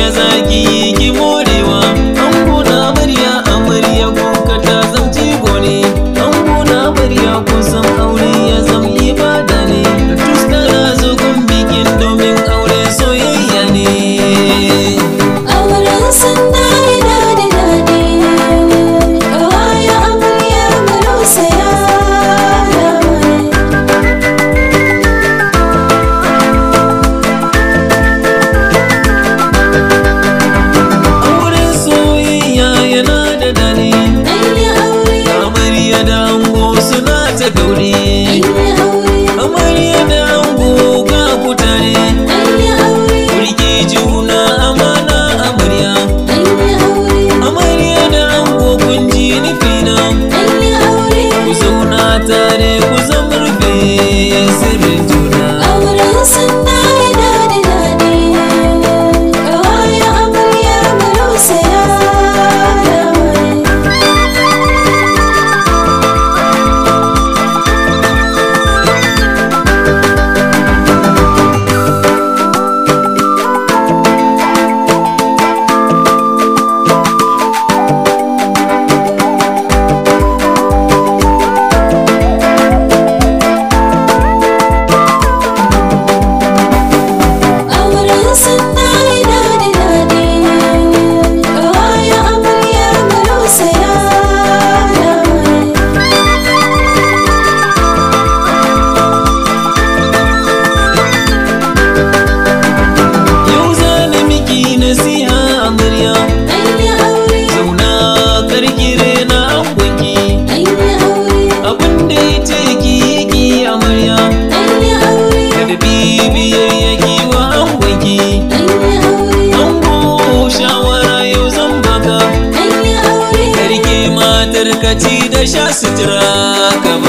ya zagi na ci da sha sutura